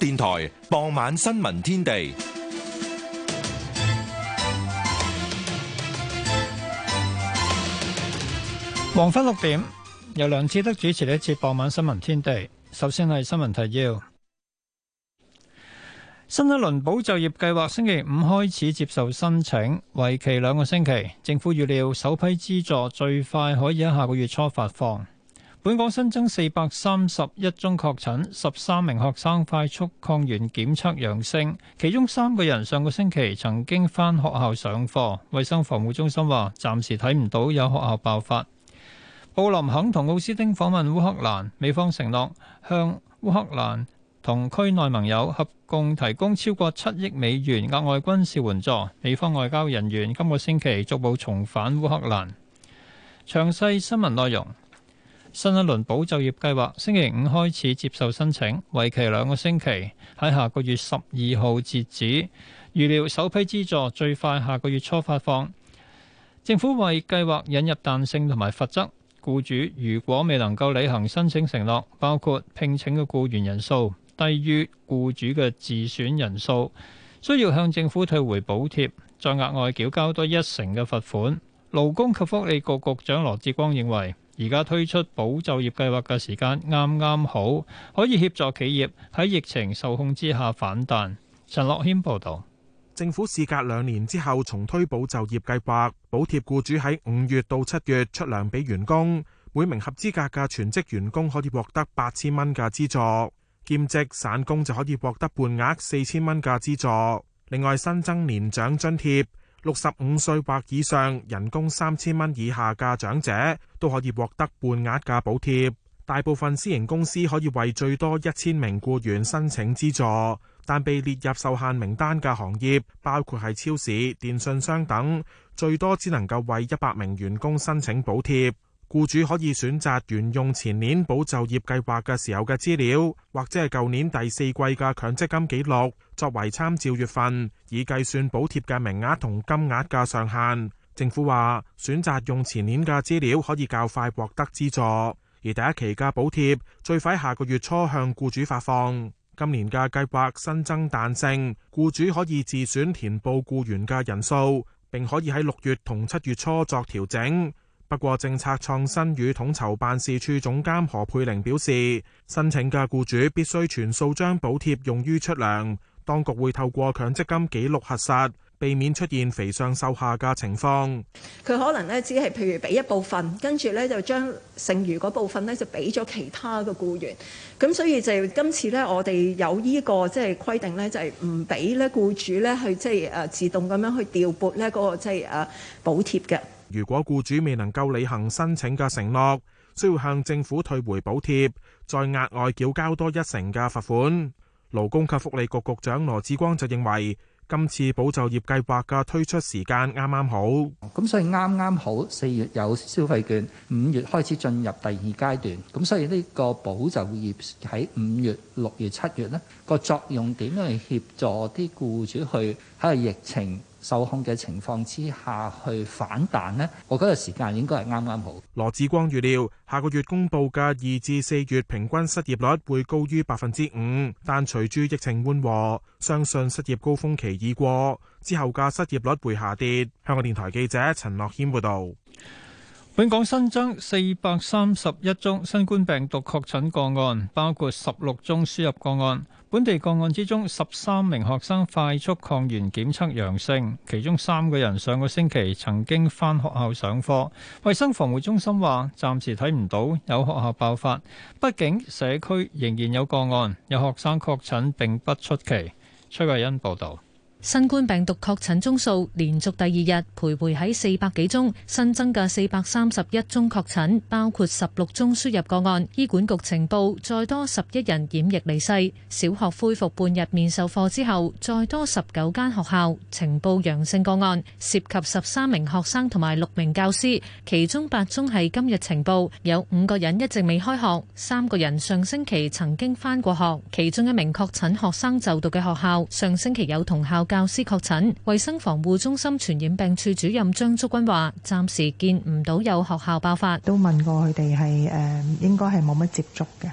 電台傍晚新聞天地，黃昏六點由梁志德主持呢一次傍晚新聞天地。首先係新聞提要：新一輪保就業計劃星期五開始接受申請，為期兩個星期。政府預料首批資助最快可以喺下個月初發放。本港新增四百三十一宗確診，十三名學生快速抗原檢測陽性，其中三個人上個星期曾經返學校上課，衛生防護中心話暫時睇唔到有學校爆發，布林肯同奧斯汀訪問烏克蘭，美方承諾向烏克蘭同區內盟友合共提供超過七億美元額外軍事援助。美方外交人員今個星期逐步重返烏克蘭。詳細新聞內容。新一輪保就業計劃星期五開始接受申請，為期兩個星期，喺下個月十二號截止。預料首批資助最快下個月初發放。政府為計劃引入彈性同埋罰則，僱主如果未能夠履行申請承諾，包括聘請嘅僱員人數低於僱主嘅自選人數，需要向政府退回補貼，再額外繳交多一成嘅罰款。勞工及福利局局長羅志光認為，而家推出保就業計劃嘅時間啱啱好，可以協助企業喺疫情受控之下反彈。陳樂謙報導。政府事隔兩年之後重推保就業計劃，補貼僱主喺五月到七月出糧俾員工，每名合資格嘅全職員工可以獲得八千蚊嘅資助，兼職散工就可以獲得半額四千蚊嘅資助。另外新增年長津貼。六十五歲或以上，人工三千蚊以下嘅長者都可以獲得半額嘅補貼。大部分私營公司可以為最多一千名僱員申請資助，但被列入受限名單嘅行業，包括係超市、電信商等，最多只能夠為一百名員工申請補貼。僱主可以選擇沿用前年保就業計劃嘅時候嘅資料，或者係舊年第四季嘅強積金記錄作為參照月份，以計算補貼嘅名額同金額嘅上限。政府話，選擇用前年嘅資料可以較快獲得資助，而第一期嘅補貼最快下個月初向僱主發放。今年嘅計劃新增彈性，僱主可以自選填報僱員嘅人數，並可以喺六月同七月初作調整。不過，政策創新與統籌辦事處總監何佩玲表示，申請嘅雇主必須全數將補貼用於出糧，當局會透過強積金記錄核實，避免出現肥上瘦下嘅情況。佢可能咧只係譬如俾一部分，跟住咧就將剩餘嗰部分咧就俾咗其他嘅雇員。咁所以就今次咧，我哋有呢個即係規定咧，就係唔俾咧雇主咧去即係誒自動咁樣去調撥咧嗰個即係誒補貼嘅。如果雇主未能夠履行申請嘅承諾，需要向政府退回補貼，再額外繳交多一成嘅罰款。勞工及福利局局長羅致光就認為，今次保就業計劃嘅推出時間啱啱好。咁所以啱啱好四月有消費券，五月開始進入第二階段。咁所以呢個保就業喺五月、六月、七月呢個作用點樣去協助啲雇主去喺個疫情受控嘅情況之下去反彈呢，我覺得時間應該係啱啱好。羅志光預料，下個月公佈嘅二至四月平均失業率會高於百分之五，但隨住疫情緩和，相信失業高峰期已過，之後嘅失業率會下跌。香港電台記者陳樂軒報導。本港新增四百三十一宗新冠病毒確診個案，包括十六宗輸入個案。本地個案之中，十三名學生快速抗原檢測陽性，其中三個人上個星期曾經返學校上課，衛生防護中心話暫時睇唔到有學校爆發，畢竟社區仍然有個案，有學生確診並不出奇。崔慧欣報道。新冠病毒確診宗數連續第二日徘徊喺四百幾宗。新增嘅四百三十一宗確診，包括十六宗輸入個案。醫管局情報再多十一人染疫離世。小學恢復半日面授課之後，再多十九間學校情報陽性個案，涉及十三名學生同埋六名教師，其中八宗係今日情報，有五個人一直未開學，三個人上星期曾經翻過學，其中一名確診學生就讀嘅學校上星期有同校。教師確診，衛生防護中心傳染病處主任張竹君話：，暫時見唔到有學校爆發，都問過佢哋係誒，應該係冇乜接觸嘅，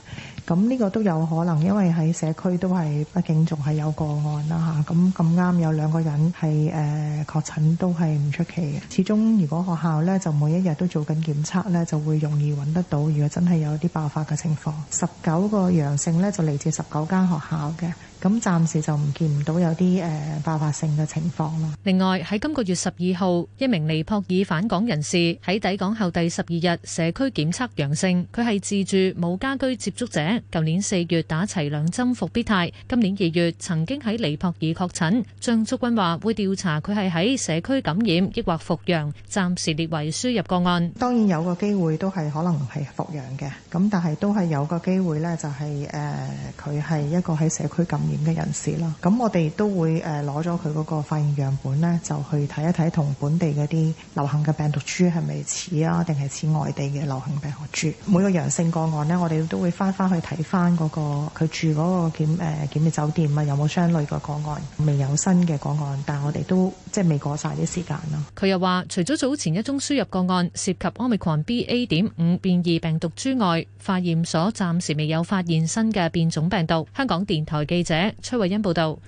咁呢個都有可能，因為喺社區都係，畢竟仲係有個案啦吓，咁咁啱有兩個人係誒確診，呃、都係唔出奇嘅。始終如果學校呢就每一日都做緊檢測呢，就會容易揾得到。如果真係有啲爆發嘅情況，十九個陽性呢就嚟自十九間學校嘅。咁暫時就唔見唔到有啲誒、呃、爆發性嘅情況啦。另外喺今個月十二號，一名尼泊爾返港人士喺抵港後第十二日社區檢測陽性，佢係自住冇家居接觸者。舊年四月打齊兩針復必泰，今年二月曾經喺尼泊爾確診。張竹君話會調查佢係喺社區感染抑或復陽，暫時列為輸入個案。當然有個機會都係可能係復陽嘅，咁但係都係有個機會呢、就係，就係誒佢係一個喺社區感。嘅人士啦，咁我哋都會誒攞咗佢嗰個化驗樣本咧，就去睇一睇同本地嗰啲流行嘅病毒株係咪似啊，定係似外地嘅流行病學株？每個陽性個案咧，我哋都會翻翻去睇翻嗰個佢住嗰個檢誒檢疫酒店啊，有冇相類嘅個案？未有新嘅個案，但係我哋都即係未過晒啲時間啦。佢又話，除咗早前一宗輸入個案涉及 Omicron BA.5 變異病毒株外，化驗所暫時未有發現新嘅變種病毒。香港電台記者崔慧欣報道，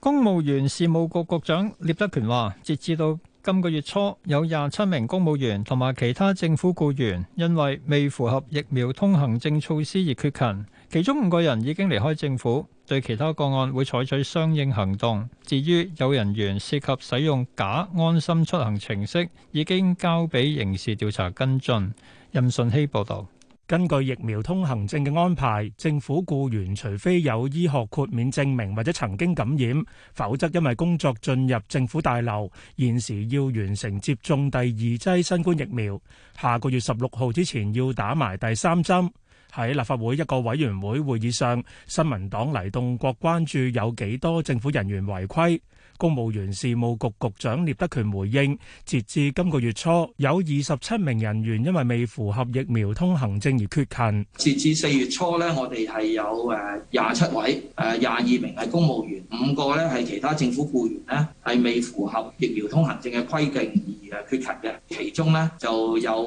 公務員事務局局長聶德權話：截至到今個月初，有廿七名公務員同埋其他政府僱員因為未符合疫苗通行證措施而缺勤，其中五個人已經離開政府，對其他個案會採取相應行動。至於有人員涉及使用假安心出行程式，已經交俾刑事調查跟進。任信希報道。根據疫苗通行證嘅安排，政府雇員除非有醫學豁免證明或者曾經感染，否則因為工作進入政府大樓，現時要完成接種第二劑新冠疫苗，下個月十六號之前要打埋第三針。喺立法會一個委員會會議上，新民黨黎棟國關注有幾多政府人員違規。公務員事務局局長聶德權回應：截至今個月初，有二十七名人員因為未符合疫苗通行證而缺勤。截至四月初咧，我哋係有誒廿七位誒廿二名係公務員，五個咧係其他政府雇員咧係未符合疫苗通行證嘅規定而誒缺勤嘅，其中咧就有誒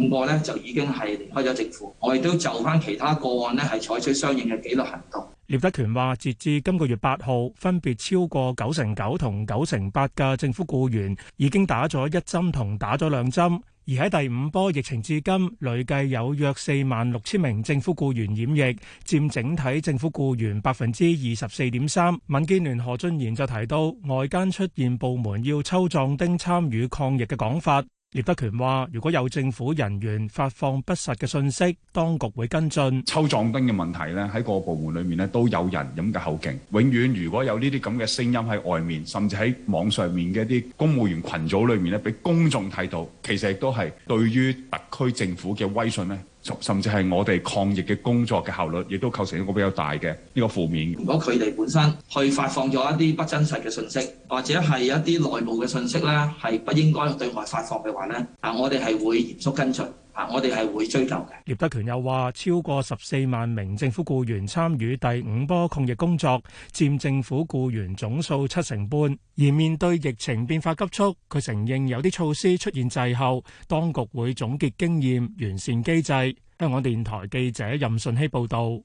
五個咧就已經係離開咗政府。我哋都就翻其他個案咧係採取相應嘅紀律行動。聶德權話，截至今個月八號，分別超過九成九同九成八嘅政府僱員已經打咗一針同打咗兩針，而喺第五波疫情至今，累計有約四萬六千名政府僱員染疫，佔整體政府僱員百分之二十四點三。民建聯何俊賢就提到，外間出現部門要抽壯丁參與抗疫嘅講法。聶德權話，如果有政府人員發放不實嘅信息，當局會跟進。抽壯丁嘅問題呢，喺各個部門裏面呢都有人咁嘅口徑。永遠如果有呢啲咁嘅聲音喺外面，甚至喺網上面嘅一啲公務員群組裏面呢，俾公眾睇到，其實亦都係對於特區政府嘅威信呢。甚至係我哋抗疫嘅工作嘅效率，亦都構成一個比較大嘅呢個負面。如果佢哋本身去發放咗一啲不真實嘅信息，或者係一啲內部嘅信息咧，係不應該對外發放嘅話咧，啊，我哋係會嚴肅跟進。啊！我哋係會追究嘅。葉德權又話：超過十四萬名政府僱員參與第五波抗疫工作，佔政府僱員總數七成半。而面對疫情變化急速，佢承認有啲措施出現滯後，當局會總結經驗，完善機制。香港電台記者任信希報導。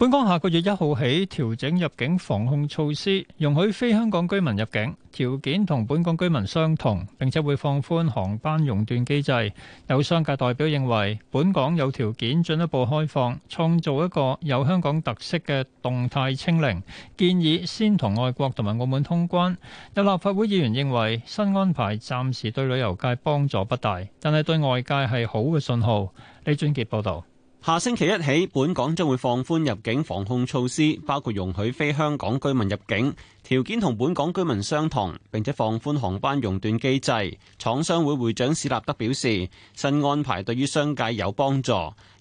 本港下個月一號起調整入境防控措施，容許非香港居民入境，條件同本港居民相同，並且會放寬航班熔斷機制。有商界代表認為，本港有條件進一步開放，創造一個有香港特色嘅動態清零。建議先同外國同埋澳門通關。有立法會議員認為，新安排暫時對旅遊界幫助不大，但係對外界係好嘅信號。李俊傑報道。下星期一起，本港將會放寬入境防控措施，包括容許非香港居民入境，條件同本港居民相同，並且放寬航班熔斷機制。廠商會會長史立德表示，新安排對於商界有幫助，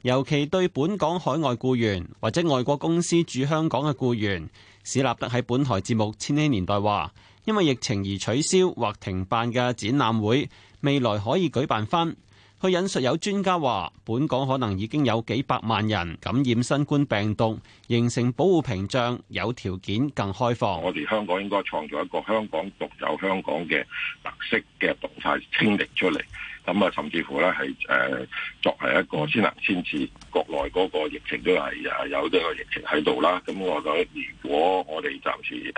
尤其對本港海外僱員或者外國公司駐香港嘅僱員。史立德喺本台節目《千禧年代》話，因為疫情而取消或停辦嘅展覽會，未來可以舉辦翻。佢引述有專家話，本港可能已經有幾百萬人感染新冠病毒，形成保護屏障，有條件更開放。我哋香港應該創造一個香港獨有香港嘅特色嘅動態清零出嚟。咁 啊，甚至乎咧係誒作為一個先行先至國內嗰個疫情都係誒有呢個疫情喺度啦。咁我覺得，如果我哋暫時誒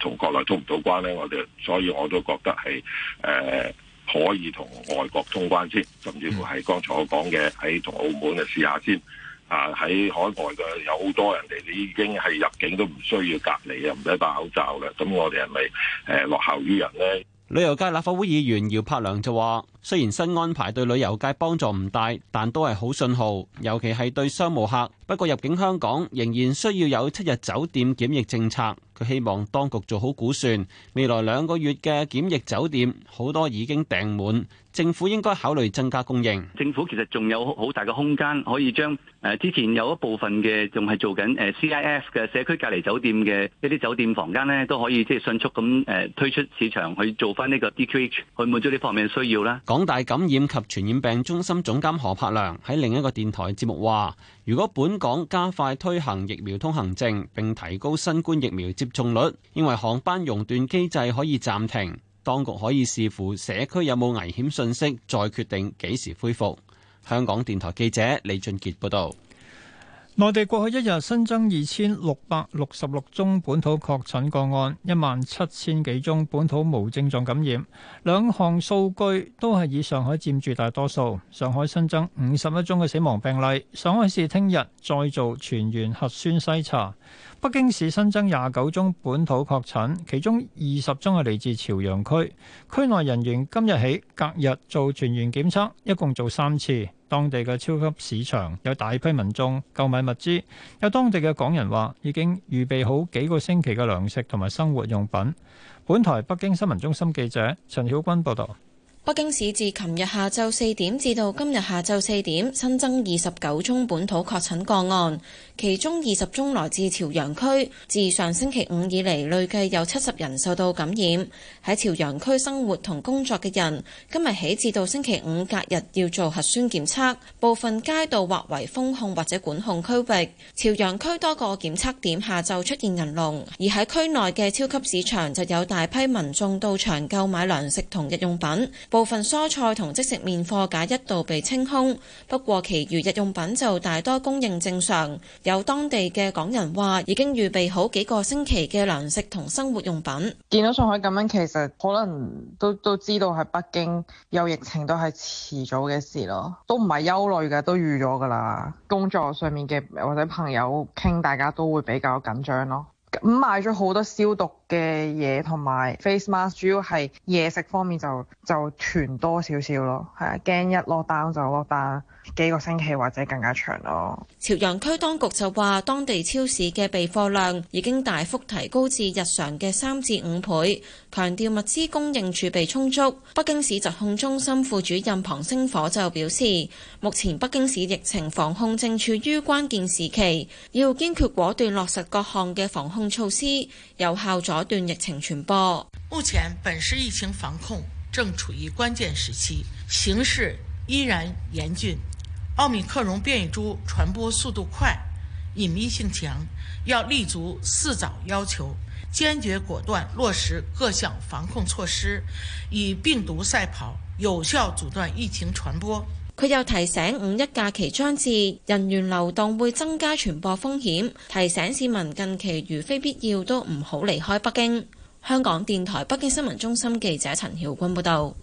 同國內通唔到關咧，我哋所以我都覺得係誒。可以同外國通關先，甚至乎係剛才我講嘅喺同澳門嘅試下先啊！喺海外嘅有好多人哋，你已經係入境都唔需要隔離啊，唔使戴口罩啦。咁我哋係咪誒落後於人咧？旅遊界立法會議員姚柏良就話。雖然新安排對旅遊界幫助唔大，但都係好信號，尤其係對商務客。不過入境香港仍然需要有七日酒店檢疫政策。佢希望當局做好估算，未來兩個月嘅檢疫酒店好多已經訂滿，政府應該考慮增加供應。政府其實仲有好大嘅空間可以將誒之前有一部分嘅仲係做緊誒 CIF 嘅社區隔離酒店嘅一啲酒店房間咧，都可以即係迅速咁誒推出市場去做翻呢個 DQH，去滿足呢方面嘅需要啦。港大感染及傳染病中心總監何柏良喺另一個電台節目話，如果本港加快推行疫苗通行證並提高新冠疫苗接種率，認為航班熔斷機制可以暫停，當局可以視乎社區有冇危險信息，再決定幾時恢復。香港電台記者李俊傑報道。內地過去一日新增二千六百六十六宗本土確診個案，一萬七千幾宗本土無症狀感染，兩項數據都係以上海佔住大多數。上海新增五十一宗嘅死亡病例，上海市聽日再做全員核酸篩查。北京市新增廿九宗本土確診，其中二十宗係嚟自朝陽區，區內人員今日起隔日做全員檢測，一共做三次。當地嘅超級市場有大批民眾購買物資，有當地嘅港人話已經預備好幾個星期嘅糧食同埋生活用品。本台北京新聞中心記者陳曉君報道。北京市自琴日下晝四點至到今日下晝四點，新增二十九宗本土確診個案，其中二十宗來自朝陽區。自上星期五以嚟，累計有七十人受到感染。喺朝陽區生活同工作嘅人，今日起至到星期五隔日要做核酸檢測。部分街道劃為封控或者管控區域。朝陽區多個檢測點下晝出現人龍，而喺區內嘅超級市場就有大批民眾到場購買糧食同日用品。部分蔬菜同即食麵貨架一度被清空，不過其餘日用品就大多供應正常。有當地嘅港人話已經預備好幾個星期嘅糧食同生活用品。見到上海咁樣，其實可能都都知道喺北京有疫情都係遲早嘅事咯，都唔係憂慮嘅，都預咗噶啦。工作上面嘅或者朋友傾，大家都會比較緊張咯。咁買咗好多消毒嘅嘢同埋 face mask，主要係嘢食方面就就囤多少少咯，係啊，驚一落單就落單幾個星期或者更加長咯。朝陽區當局就話，當地超市嘅備貨量已經大幅提高至日常嘅三至五倍，強調物資供應儲備充足。北京市疾控中心副主任龐星火就表示，目前北京市疫情防控正處於關鍵時期，要堅決果斷落實各項嘅防控。措施，有效阻斷疫情傳播。目前本市疫情防控正處於關鍵時期，形勢依然嚴峻。奧密克戎變異株傳播速度快、隱祕性強，要立足四早要求，堅決果斷落實各項防控措施，與病毒賽跑，有效阻斷疫情傳播。佢又提醒五一假期將至，人員流動會增加傳播風險，提醒市民近期如非必要都唔好離開北京。香港電台北京新聞中心記者陳曉君報道。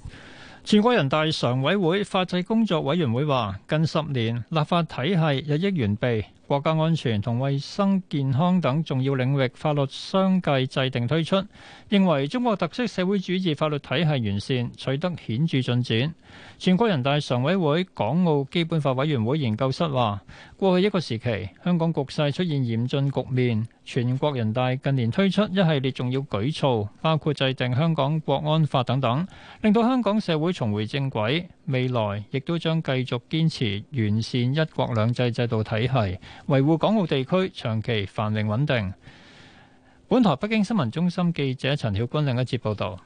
全國人大常委會法制工作委員會話，近十年立法體系日益完備。國家安全同衛生健康等重要領域法律相繼制定推出，認為中國特色社會主義法律體系完善取得顯著進展。全國人大常委會港澳基本法委員會研究室話：過去一個時期，香港局勢出現嚴峻局面，全國人大近年推出一系列重要舉措，包括制定香港國安法等等，令到香港社會重回正軌。未來亦都將繼續堅持完善一國兩制制度體系。維護港澳地區長期繁榮穩定。本台北京新聞中心記者陳曉君另一節報導。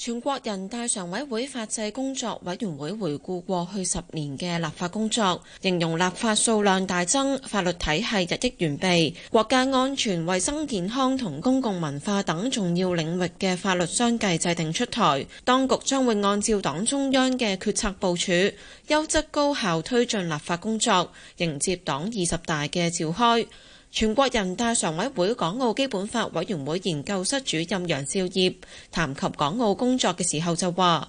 全國人大常委會法制工作委員會回顧過去十年嘅立法工作，形容立法數量大增，法律體系日益完備，國家安全、衛生健康同公共文化等重要領域嘅法律相繼制定出台。當局將會按照黨中央嘅決策部署，優質高效推進立法工作，迎接黨二十大嘅召開。全國人大常委會港澳基本法委員會研究室主任楊少業談及港澳工作嘅時候就話。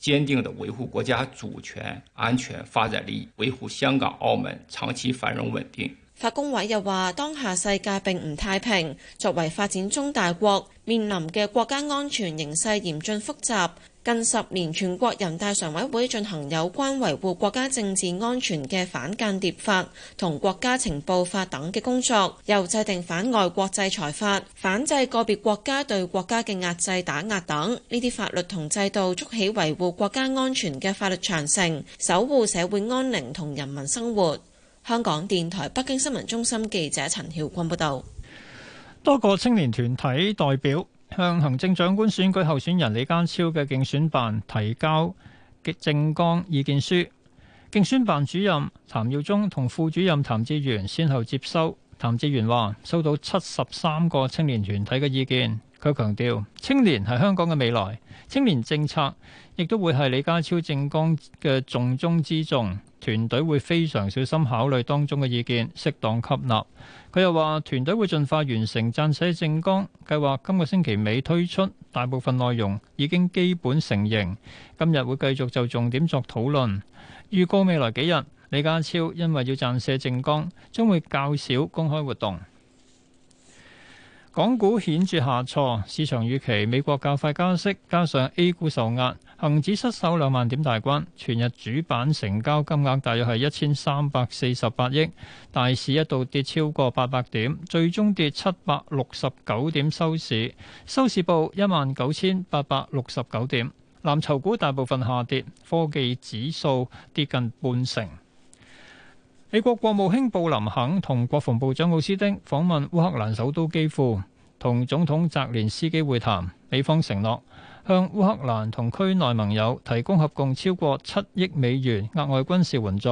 堅定地維護國家主權、安全、發展利益，維護香港、澳門長期繁榮穩定。法工委又話，當下世界並唔太平，作為發展中大國，面臨嘅國家安全形勢嚴峻複雜。近十年，全國人大常委會進行有關維護國家政治安全嘅反間諜法同國家情報法等嘅工作，又制定反外國制裁法、反制個別國家對國家嘅壓制打壓等，呢啲法律同制度築起維護國家安全嘅法律長城，守護社會安寧同人民生活。香港電台北京新聞中心記者陳曉君報道。多個青年團體代表。向行政長官選舉候選人李家超嘅競選辦提交政綱意見書，競選辦主任譚耀宗同副主任譚志源先後接收。譚志源話收到七十三個青年團體嘅意見，佢強調青年係香港嘅未來，青年政策亦都會係李家超政綱嘅重中之重，團隊會非常小心考慮當中嘅意見，適當吸納。佢又話：團隊會盡快完成撰寫政綱計劃，今個星期尾推出，大部分內容已經基本成型，今日會繼續就重點作討論。預告未來幾日，李家超因為要撰寫政綱，將會較少公開活動。港股顯著下挫，市場預期美國較快加息，加上 A 股受壓。恒指失守兩萬點大關，全日主板成交金額大約係一千三百四十八億。大市一度跌超過八百點，最終跌七百六十九點收市，收市報一萬九千八百六十九點。藍籌股大部分下跌，科技指數跌近半成。美國國務卿布林肯同國防部長奧斯汀訪問烏克蘭首都基輔，同總統澤連斯基會談，美方承諾，向烏克蘭同區內盟友提供合共超過七億美元額外軍事援助。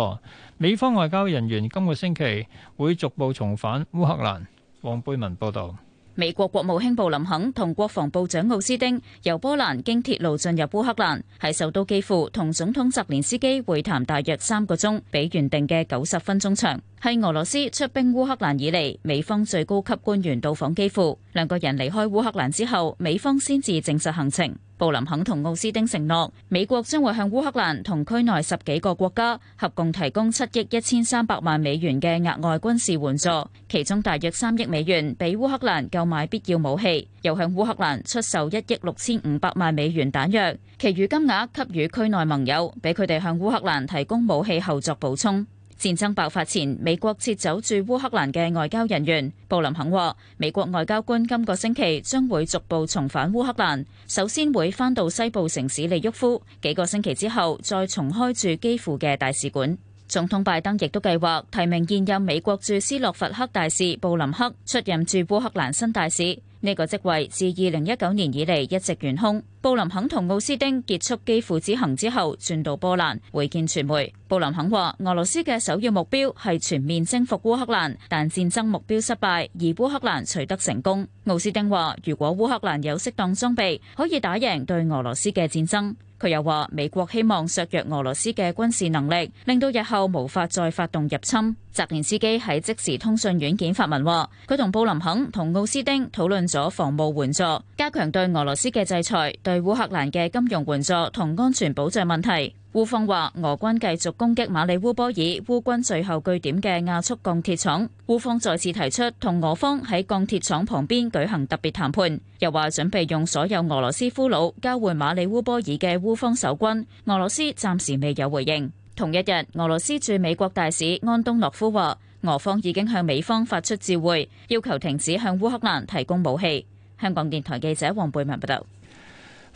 美方外交人員今個星期會逐步重返烏克蘭。黃貝文報導，美國國務卿布林肯同國防部長奧斯丁由波蘭經鐵路進入烏克蘭，係首都基輔同總統澤連斯基會談大約三個鐘，比原定嘅九十分鐘長。係俄羅斯出兵烏克蘭以嚟，美方最高級官員到訪幾乎兩個人離開烏克蘭之後，美方先至證實行程。布林肯同奧斯丁承諾，美國將會向烏克蘭同區內十幾個國家合共提供七億一千三百萬美元嘅額外軍事援助，其中大約三億美元俾烏克蘭購買必要武器，又向烏克蘭出售一億六千五百萬美元彈藥，其餘金額給予區內盟友，俾佢哋向烏克蘭提供武器後作補充。戰爭爆發前，美國撤走駐烏克蘭嘅外交人員。布林肯話：美國外交官今個星期將會逐步重返烏克蘭，首先會返到西部城市利沃夫，幾個星期之後再重開駐基輔嘅大使館。總統拜登亦都計劃提名現任美國駐斯洛伐克大使布林克出任駐烏克蘭新大使。呢個職位自二零一九年以嚟一直懸空。布林肯同奧斯汀結束基輔之行之後，轉到波蘭會見傳媒。布林肯話：俄羅斯嘅首要目標係全面征服烏克蘭，但戰爭目標失敗，而烏克蘭取得成功。奧斯汀話：如果烏克蘭有適當裝備，可以打贏對俄羅斯嘅戰爭。佢又話：美國希望削弱俄羅斯嘅軍事能力，令到日後無法再發動入侵。澤連斯基喺即時通訊軟件發文話：佢同布林肯同奧斯汀討論咗防務援助，加強對俄羅斯嘅制裁。對烏克蘭嘅金融援助同安全保障問題，烏方話俄軍繼續攻擊馬里烏波爾，烏軍最後據點嘅亞速鋼鐵廠，烏方再次提出同俄方喺鋼鐵廠旁邊舉行特別談判，又話準備用所有俄羅斯俘虜交換馬里烏波爾嘅烏方守軍。俄羅斯暫時未有回應。同一日，俄羅斯駐美國大使安東諾夫話，俄方已經向美方發出照會，要求停止向烏克蘭提供武器。香港電台記者黃貝文報道。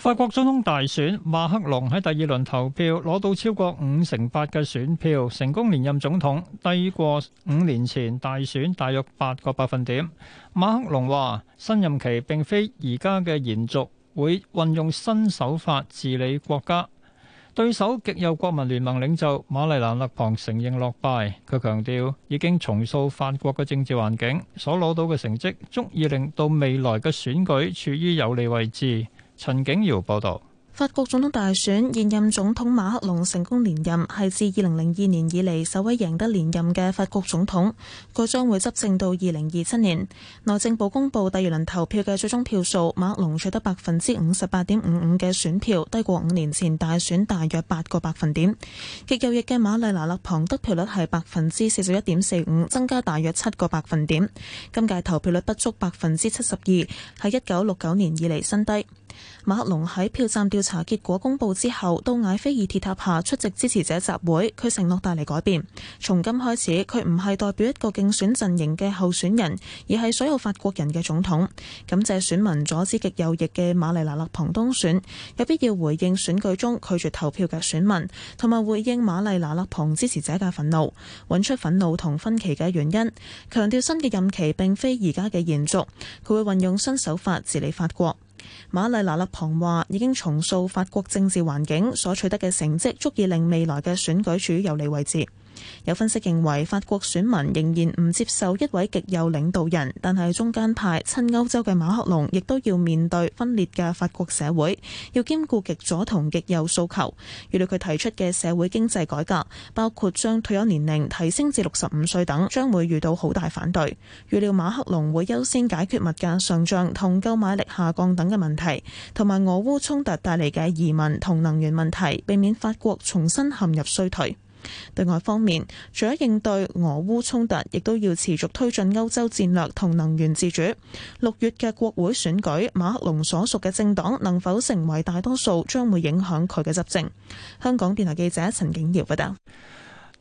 法國總統大選，馬克龍喺第二輪投票攞到超過五成八嘅選票，成功連任總統，低過五年前大選大約八個百分點。馬克龍話：新任期並非而家嘅延續，會運用新手法治理國家。對手極右國民聯盟領袖瑪麗蘭勒龐承認落敗，佢強調已經重塑法國嘅政治環境，所攞到嘅成績足以令到未來嘅選舉處於有利位置。陳景堯報道，法國總統大選，現任總統馬克龍成功連任，係自二零零二年以嚟首位贏得連任嘅法國總統。佢將會執政到二零二七年。內政部公布第二輪投票嘅最終票數，馬克龍取得百分之五十八點五五嘅選票，低過五年前大選大約八個百分點。極右翼嘅瑪麗娜勒龐得票率係百分之四十一點四五，增加大約七個百分點。今屆投票率不足百分之七十二，喺一九六九年以嚟新低。馬克龍喺票站調查結果公布之後，到埃菲爾鐵塔下出席支持者集會。佢承諾帶嚟改變，從今開始佢唔係代表一個競選陣營嘅候選人，而係所有法國人嘅總統。感謝選民阻止極右翼嘅瑪麗娜勒蓬當選，有必要回應選舉中拒絕投票嘅選民，同埋回應瑪麗娜勒蓬支持者嘅憤怒，揾出憤怒同分歧嘅原因，強調新嘅任期並非而家嘅延續。佢會運用新手法治理法國。瑪麗娜勒龐話：已經重塑法國政治環境所取得嘅成績，足以令未來嘅選舉處於有利位置。有分析認為，法國選民仍然唔接受一位極右領導人，但係中間派親歐洲嘅馬克龍亦都要面對分裂嘅法國社會，要兼顧極左同極右訴求。預料佢提出嘅社會經濟改革，包括將退休年齡提升至六十五歲等，將會遇到好大反對。預料馬克龍會優先解決物價上漲同購買力下降等嘅問題，同埋俄烏衝突帶嚟嘅移民同能源問題，避免法國重新陷入衰退。對外方面，除咗應對俄烏衝突，亦都要持續推進歐洲戰略同能源自主。六月嘅國會選舉，馬克龍所屬嘅政黨能否成為大多數，將會影響佢嘅執政。香港電台記者陳景瑤報道。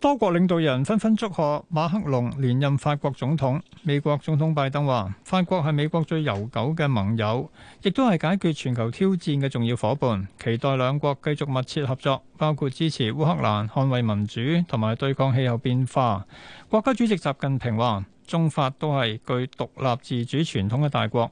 多國領導人紛紛祝賀馬克龍連任法國總統。美國總統拜登話：法國係美國最悠久嘅盟友，亦都係解決全球挑戰嘅重要伙伴，期待兩國繼續密切合作，包括支持烏克蘭、捍衛民主同埋對抗氣候變化。國家主席習近平話：中法都係具獨立自主傳統嘅大國。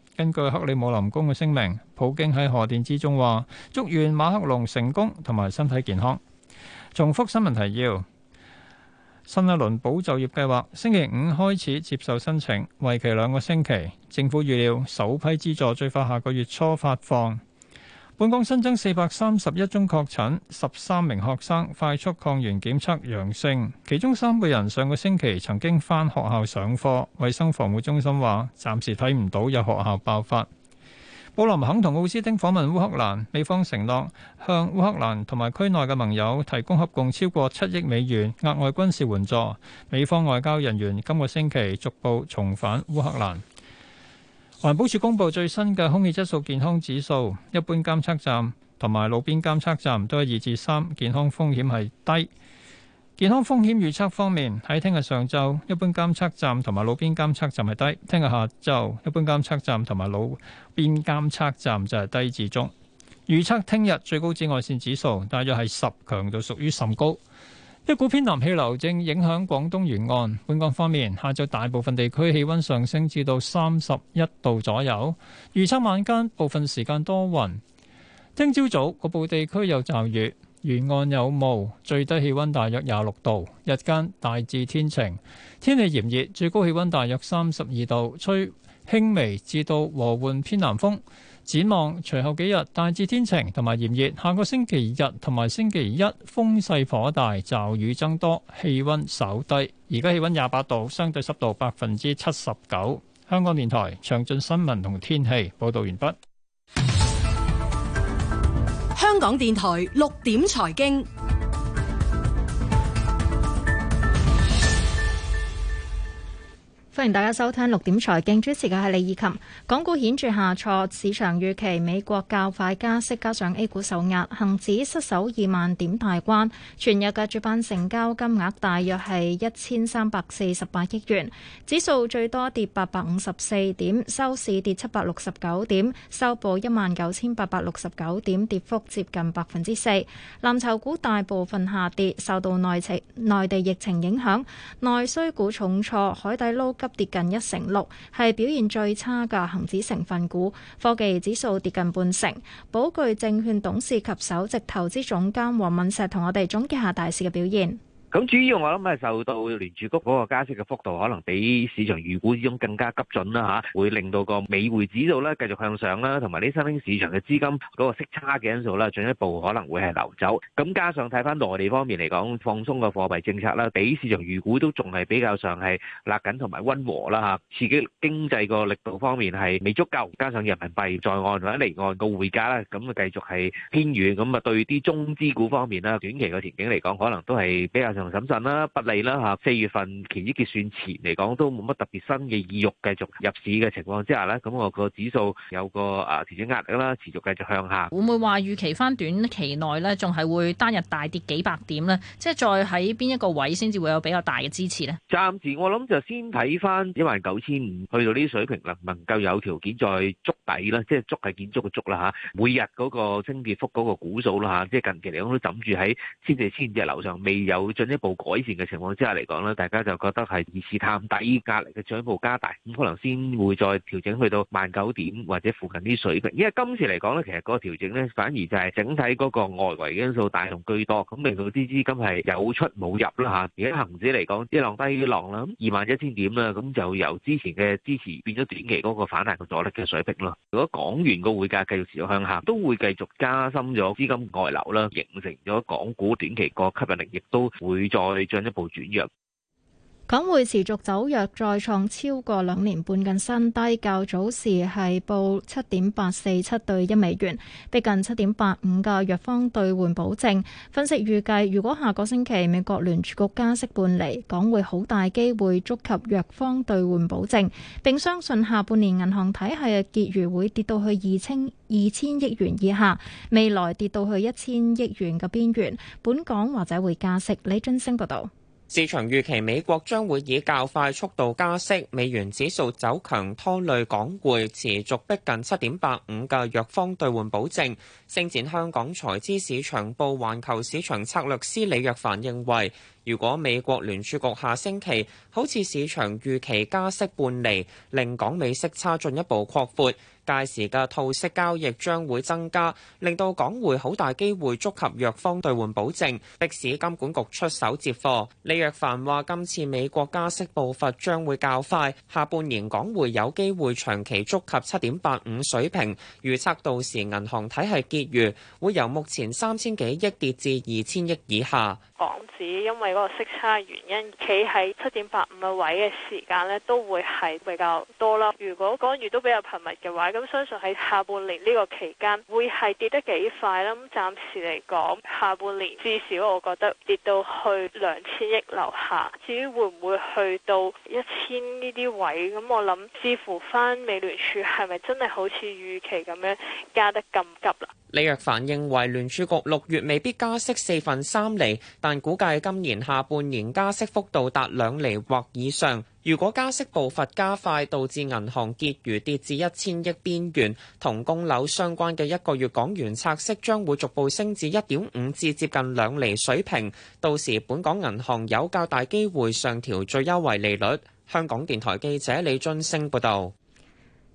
根據克里姆林宮嘅聲明，普京喺賀電之中話：祝願馬克龍成功同埋身體健康。重複新聞提要：新一輪保就業計劃星期五開始接受申請，為期兩個星期。政府預料首批資助最快下個月初發放。本港新增四百三十一宗確診，十三名學生快速抗原檢測陽性，其中三個人上個星期曾經返學校上課，衛生防護中心話暫時睇唔到有學校爆發。布林肯同奧斯汀訪問烏克蘭，美方承諾向烏克蘭同埋區內嘅盟友提供合共超過七億美元額外軍事援助。美方外交人員今個星期逐步重返烏克蘭。環保署公布最新嘅空氣質素健康指數，一般監測站同埋路邊監測站都係二至三，健康風險係低。健康風險預測方面，喺聽日上晝，一般監測站同埋路邊監測站係低；聽日下晝，一般監測站同埋路邊監測站就係低至中。預測聽日最高紫外線指數大約係十，強度屬於甚高。一股偏南氣流正影響廣東沿岸。本港方面，下晝大部分地區氣温上升至到三十一度左右，預測晚間部分時間多雲。聽朝早局部地區有驟雨，沿岸有霧，最低氣温大約廿六度。日間大致天晴，天氣炎熱，最高氣温大約三十二度，吹輕微至到和緩偏南風。展望隨後幾日大致天晴同埋炎熱，下個星期日同埋星期一風勢頗大，驟雨增多，氣温稍低。而家氣温廿八度，相對濕度百分之七十九。香港電台詳盡新聞同天氣報道完畢。香港電台六點財經。歡迎大家收聽六點財經，主持嘅係李以琴。港股顯著下挫，市場預期美國較快加息，加上 A 股受壓，恒指失守二萬點大關。全日嘅主板成交金額大約係一千三百四十八億元，指數最多跌八百五十四點，收市跌七百六十九點，收報一萬九千八百六十九點，跌幅接近百分之四。藍籌股大部分下跌，受到內情內地疫情影響，內需股重挫，海底撈。急跌近一成六，係表現最差嘅恒指成分股。科技指數跌近半成。寶具證券董事及首席投資總監黃敏石同我哋總結下大市嘅表現。咁主要我諗係受到聯儲局嗰個加息嘅幅度，可能比市場預估之中更加急準啦嚇，會令到個美匯指數咧繼續向上啦，同埋呢新興市場嘅資金嗰個息差嘅因素啦，進一步可能會係流走。咁加上睇翻內地方面嚟講，放鬆嘅貨幣政策啦，比市場預估都仲係比較上係勒緊同埋溫和啦嚇，刺激經濟個力度方面係未足夠，加上人民幣在岸同埋離岸個匯價啦，咁啊繼續係偏軟，咁啊對啲中資股方面啦，短期嘅前景嚟講，可能都係比較。同審慎啦，不利啦嚇。四月份期指結算前嚟講，都冇乜特別新嘅意欲繼續入市嘅情況之下咧，咁我個指數有個啊調整壓力啦，持續繼續向下。會唔會話預期翻短期內咧，仲係會單日大跌幾百點咧？即係再喺邊一個位先至會有比較大嘅支持咧？暫時我諗就先睇翻一萬九千五去到呢啲水平啦，唔能夠有條件再築底啦，即係築係建築嘅築啦嚇。每日嗰個升跌幅嗰個股數啦嚇，即係近期嚟講都枕住喺千四千隻樓上，未有進。一步改善嘅情況之下嚟講咧，大家就覺得係二次探底，隔離嘅進一步加大，咁可能先會再調整去到萬九點或者附近啲水平。因為今次嚟講咧，其實個調整咧反而就係整體嗰個外圍嘅因素帶動居多，咁令到啲資金係有出冇入啦嚇。而家恒指嚟講一浪低於浪啦，咁二萬一千點啦，咁就由之前嘅支持變咗短期嗰個反彈嘅阻力嘅水平咯。如果港元個匯價繼續持續向下，都會繼續加深咗資金外流啦，形成咗港股短期個吸引力亦都會。佢再進一步轉弱。港匯持續走弱，再創超過兩年半嘅新低。較早時係報七點八四七對一美元，逼近七點八五嘅弱方兌換保證。分析預計，如果下個星期美國聯儲局加息半釐，港匯好大機會觸及弱方兌換保證。並相信下半年銀行體系嘅結餘會跌到去二千二千億元以下，未來跌到去一千億元嘅邊緣。本港或者會加息。李津升報道。市場預期美國將會以較快速度加息，美元指數走強拖累港匯，持續逼近七點八五嘅弱方兌換保證。星展香港財資市場部環球市場策略師李若凡認為，如果美國聯儲局下星期好似市場預期加息半釐，令港美息差進一步擴闊。屆時嘅套息交易將會增加，令到港匯好大機會觸及弱方兌換保證，迫使金管局出手接貨。李若凡話今次美國加息步伐將會較快，下半年港匯有機會長期觸及七點八五水平。預測到時銀行體系結餘會由目前三千幾億跌至二千億以下。港紙因為嗰個息差原因，企喺七點八五嘅位嘅時間咧，都會係比較多啦。如果嗰月都比較頻密嘅話。咁、嗯、相信喺下半年呢個期間會係跌得幾快啦。咁、嗯、暫時嚟講，下半年至少我覺得跌到去兩千億樓下。至於會唔會去到一千呢啲位，咁、嗯、我諗視乎翻美聯儲係咪真係好似預期咁樣加得咁急啦。李若凡認為聯儲局六月未必加息四分三厘，但估計今年下半年加息幅度達兩厘或以上。如果加息步伐加快，導致銀行結餘跌至一千億邊緣，同供樓相關嘅一個月港元拆息將會逐步升至一點五至接近兩厘水平，到時本港銀行有較大機會上調最優惠利率。香港電台記者李俊升報道。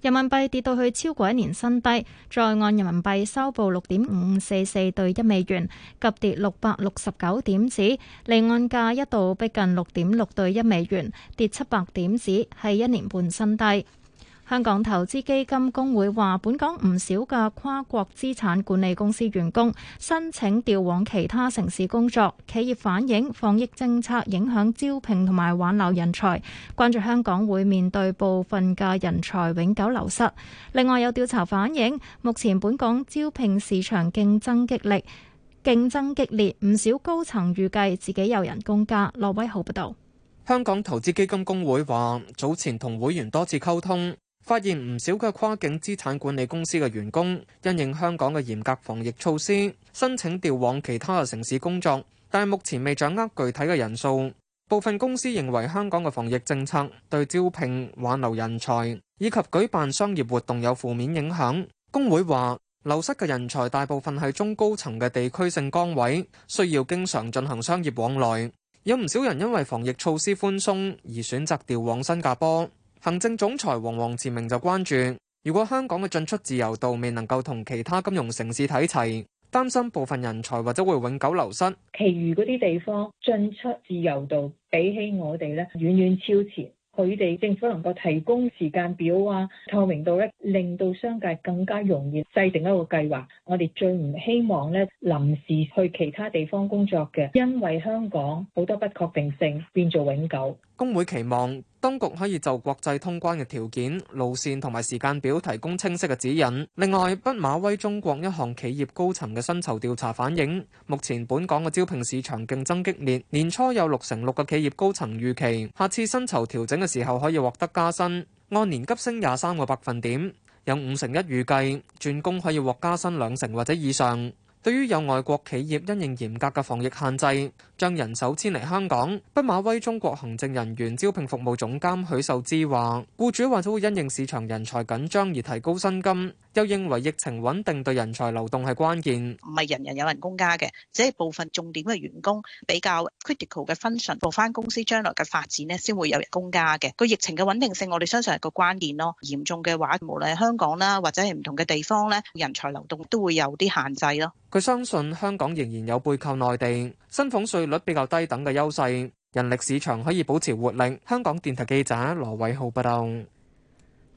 人民幣跌到去超過一年新低，在岸人民幣收報六點五四四對一美元，急跌六百六十九點子，離岸價一度逼近六點六對一美元，跌七百點子，係一年半新低。香港投資基金工會話，本港唔少嘅跨國資產管理公司員工申請調往其他城市工作。企業反映防疫政策影響招聘同埋挽留人才，關注香港會面對部分嘅人才永久流失。另外有調查反映，目前本港招聘市場競爭激烈，競爭激烈唔少高層預計自己有人工加。駱威豪報道。香港投資基金工會話，早前同會員多次溝通。發現唔少嘅跨境資產管理公司嘅員工因應香港嘅嚴格防疫措施，申請調往其他嘅城市工作，但係目前未掌握具體嘅人數。部分公司認為香港嘅防疫政策對招聘、挽留人才以及舉辦商業活動有負面影響。工會話，流失嘅人才大部分係中高層嘅地區性崗位，需要經常進行商業往來。有唔少人因為防疫措施寬鬆而選擇調往新加坡。行政總裁黃王，王前明就關注，如果香港嘅進出自由度未能夠同其他金融城市睇齊，擔心部分人才或者會永久流失，其餘嗰啲地方進出自由度比起我哋咧，遠遠超前。佢哋政府能夠提供時間表啊，透明度咧，令到商界更加容易制定一個計劃。我哋最唔希望咧，臨時去其他地方工作嘅，因為香港好多不確定性變做永久。工會期望，當局可以就國際通關嘅條件、路線同埋時間表提供清晰嘅指引。另外，畢馬威中國一項企業高層嘅薪酬調查反映，目前本港嘅招聘市場競爭激烈。年初有六成六個企業高層預期，下次薪酬調整嘅時候可以獲得加薪，按年急升廿三個百分點。有五成一預計轉工可以獲加薪兩成或者以上。對於有外國企業因應嚴格嘅防疫限制，將人手遷嚟香港，畢馬威中國行政人員招聘服務總監許秀芝話，僱主或者會因應市場人才緊張而提高薪金。又認為疫情穩定對人才流動係關鍵，唔係人人有人工加嘅，只係部分重點嘅員工比較 critical 嘅 function 做翻公司將來嘅發展咧，先會有人工加嘅。個疫情嘅穩定性，我哋相信係個關鍵咯。嚴重嘅話，無論係香港啦，或者係唔同嘅地方咧，人才流動都會有啲限制咯。佢相信香港仍然有背靠內地、薪俸稅率比較低等嘅優勢，人力市場可以保持活力。香港電台記者羅偉浩報道。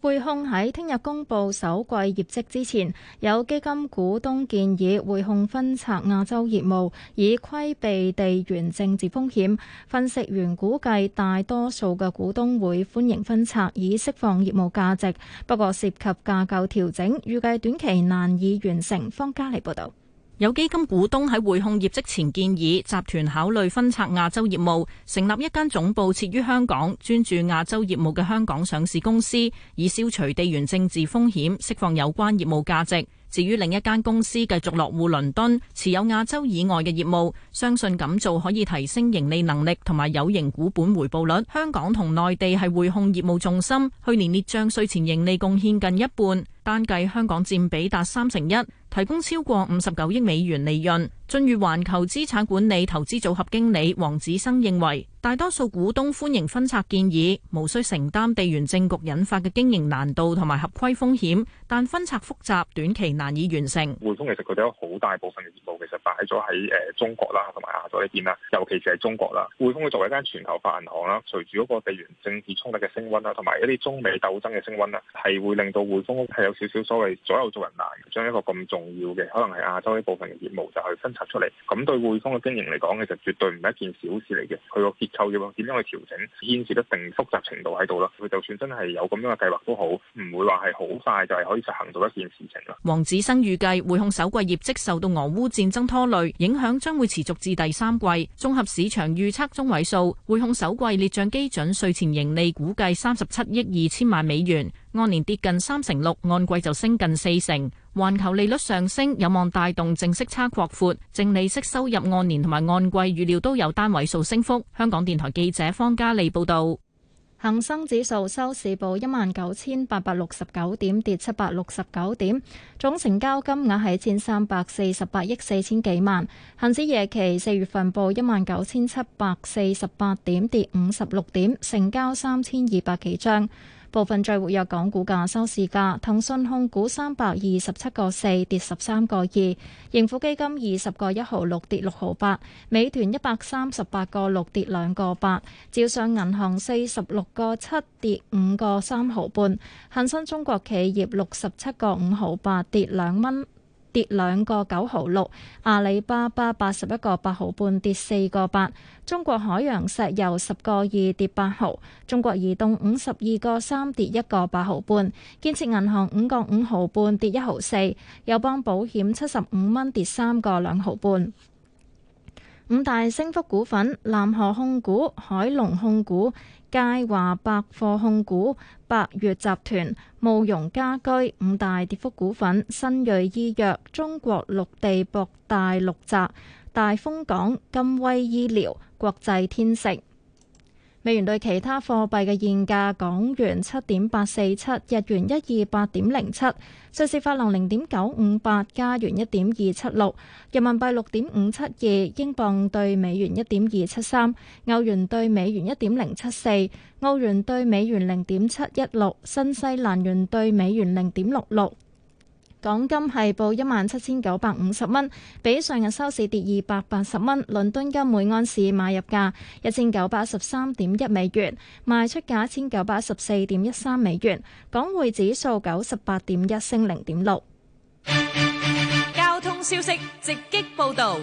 匯控喺聽日公布首季業績之前，有基金股東建議匯控分拆亞洲業務，以規避地緣政治風險。分析員估計，大多數嘅股東會歡迎分拆，以釋放業務價值。不過涉及架構調整，預計短期難以完成。方家莉報道。有基金股東喺匯控業績前建議集團考慮分拆亞洲業務，成立一間總部設於香港，專注亞洲業務嘅香港上市公司，以消除地緣政治風險，釋放有關業務價值。至於另一間公司繼續落戶倫敦，持有亞洲以外嘅業務，相信咁做可以提升盈利能力同埋有形股本回報率。香港同內地係匯控業務重心，去年列帳稅前盈利貢獻近一半，單計香港佔比達三成一，提供超過五十九億美元利潤。進入環球資產管理投資組合經理黃子生認為，大多數股東歡迎分拆建議，無需承擔地緣政局引發嘅經營難度同埋合規風險，但分拆複雜，短期難以完成。匯豐其實佢哋有好大部分嘅業務其實擺咗喺誒，中國啦，同埋亞洲呢邊啦，尤其是係中國啦。匯豐作為一間全球化銀行啦，隨住嗰個地緣政治衝突嘅升溫啦，同埋一啲中美鬥爭嘅升溫啦，係會令到匯豐係有少少所謂左右做人難，將一個咁重要嘅，可能係亞洲呢部分嘅業務就去、是、分拆。出嚟，咁對匯豐嘅經營嚟講其實絕對唔係一件小事嚟嘅。佢個結構要點樣去調整，牽涉一定複雜程度喺度咯。佢就算真係有咁樣嘅計劃都好，唔會話係好快就係可以實行到一件事情咯。黃子生預計匯控首季業績受到俄烏戰爭拖累，影響將會持續至第三季。綜合市場預測中位數，匯控首季列賬基準稅前盈利估計三十七億二千萬美元，按年跌近三成六，按季就升近四成。環球利率上升，有望帶動淨息差擴闊，淨利息收入按年同埋按季預料都有單位數升幅。香港電台記者方嘉莉報道，恒生指數收市報一萬九千八百六十九點，跌七百六十九點，總成交金額係千三百四十八億四千幾萬。恒指夜期四月份報一萬九千七百四十八點，跌五十六點，成交三千二百幾張。部分再活躍港股價收市價，騰訊控股三百二十七個四跌十三個二，盈富基金二十個一毫六跌六毫八，美團一百三十八個六跌兩個八，招商銀行四十六個七跌五個三毫半，恆生中國企業六十七個五毫八跌兩蚊。跌兩個九毫六，阿里巴巴八十一個八毫半跌四個八，中國海洋石油十個二跌八毫，中國移動五十二個三跌一個八毫半，建設銀行五個五毫半跌一毫四，友邦保險七十五蚊跌三個兩毫半，五大升幅股份：南河控股、海龍控股。佳華百貨控股、百越集團、慕容家居。五大跌幅股份，新瑞醫藥、中國綠地博大、大綠澤、大豐港、金威醫療、國際天成。美元兌其他貨幣嘅現價：港元七點八四七，日元一二八點零七，瑞士法郎零點九五八，加元一點二七六，人民幣六點五七二，英鎊對美元一點二七三，歐元對美元一點零七四，澳元對美元零點七一六，新西蘭元對美元零點六六。港金係報一萬七千九百五十蚊，比上日收市跌二百八十蚊。倫敦金每安士買入價一千九百十三點一美元，賣出價一千九百十四點一三美元。港匯指數九十八點一升零點六。交通消息直擊報道。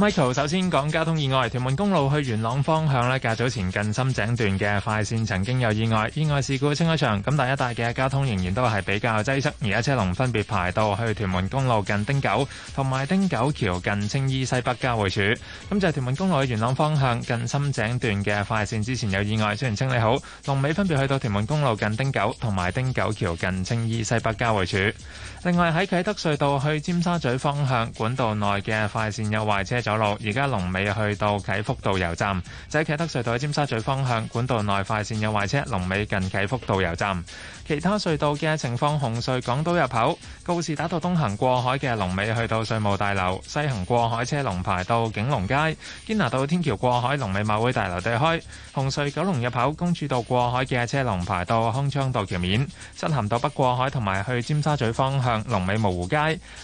Michael 首先講交通意外，屯門公路去元朗方向咧，較早前近深井段嘅快線曾經有意外，意外事故清咗場，咁第一帶嘅交通仍然都係比較擠塞，而家車龍分別排到去屯門公路近汀九同埋汀九橋近青衣西北交匯處。咁就屯門公路去元朗方向近深井段嘅快線之前有意外，雖然清理好，龍尾分別去到屯門公路近汀九同埋汀九橋近青衣西北交匯處。另外喺啟德隧道去尖沙咀方向管道內嘅快線有壞車阻有路，而家龍尾去到啟福道油站。就喺啟德隧道喺尖沙咀方向管道內快線有壞車，龍尾近啟福道油站。其他隧道嘅情況：紅隧港島入口，告士打道東行過海嘅龍尾去到稅務大樓；西行過海車龍排到景隆街。堅拿道天橋過海龍尾馬會大樓對開。紅隧九龍入口，公主道過海嘅車龍排到康昌道橋面。漆咸道北過海同埋去尖沙咀方向龍尾模糊街。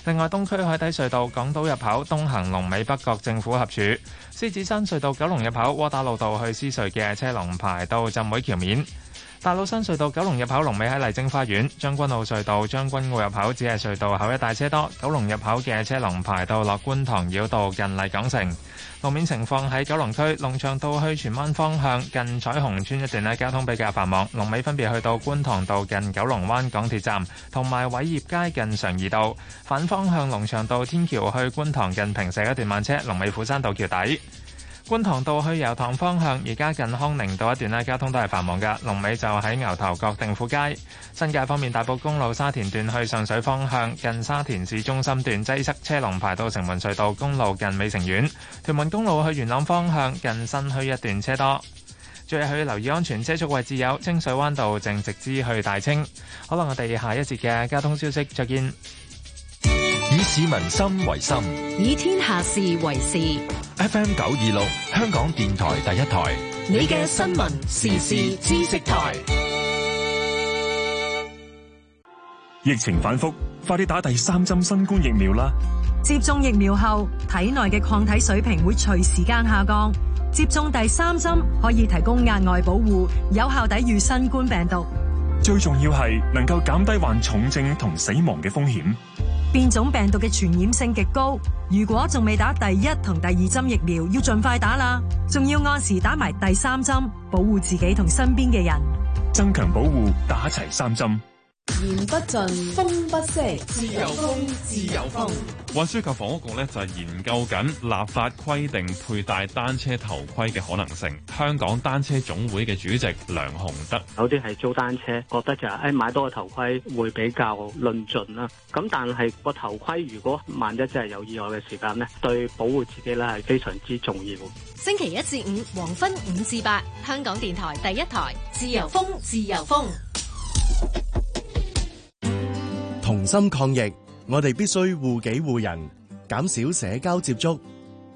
另外，東區海底隧道港島入口東行龍尾北角政府合署。獅子山隧道九龍入口，窩打老道去獅隧嘅車龍排到浸會橋面。大老山隧道九龍入口，龍尾喺麗晶花園，將軍澳隧道將軍澳入口只係隧道口一帶車多，九龍入口嘅車龍排到落觀塘繞道近麗港城。路面情況喺九龍區龍翔道去荃灣方向近彩虹村一段咧，交通比較繁忙，龍尾分別去到觀塘道近九龍灣港鐵站，同埋偉業街近常怡道。反方向龍翔道天橋去觀塘近平石一段慢車，龍尾斧山道橋底。觀塘道去油塘方向，而家近康寧道一段咧，交通都係繁忙噶。龍尾就喺牛頭角定富街。新界方面，大埔公路沙田段去上水方向，近沙田市中心段擠塞，車龍排到城門隧道公路近美城苑。屯門公路去元朗方向，近新墟一段車多。最後要留意安全車速位置有清水灣道正直至去大清。好啦，我哋下一節嘅交通消息，再見。以市民心為心，以天下事為事。FM 九二六，香港電台第一台，你嘅新聞時事知識台。疫情反覆，快啲打第三針新冠疫苗啦！接種疫苗後，體內嘅抗體水平會隨時間下降。接種第三針可以提供額外保護，有效抵御新冠病毒。最重要係能夠減低患重症同死亡嘅風險。變種病毒嘅傳染性極高，如果仲未打第一同第二針疫苗，要盡快打啦，仲要按時打埋第三針，保護自己同身邊嘅人，增強保護，打齊三針。言不盡，風不息，自由風，自由風。運輸及房屋局咧就係、是、研究緊立法規定佩戴單車頭盔嘅可能性。香港單車總會嘅主席梁洪德，有啲係租單車，覺得就係、是、誒、哎、買多個頭盔會比較論盡啦。咁但係個頭盔如果萬一真係有意外嘅時間咧，對保護自己咧係非常之重要。星期一至五黃昏五至八，香港電台第一台，自由風，自由風。同心抗疫，我哋必須護己護人，減少社交接觸，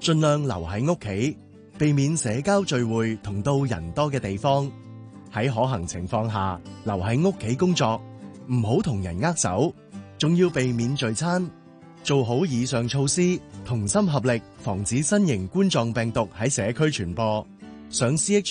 盡量留喺屋企，避免社交聚會同到人多嘅地方。喺可行情況下，留喺屋企工作，唔好同人握手，仲要避免聚餐。做好以上措施，同心合力，防止新型冠狀病毒喺社區傳播。上 c h。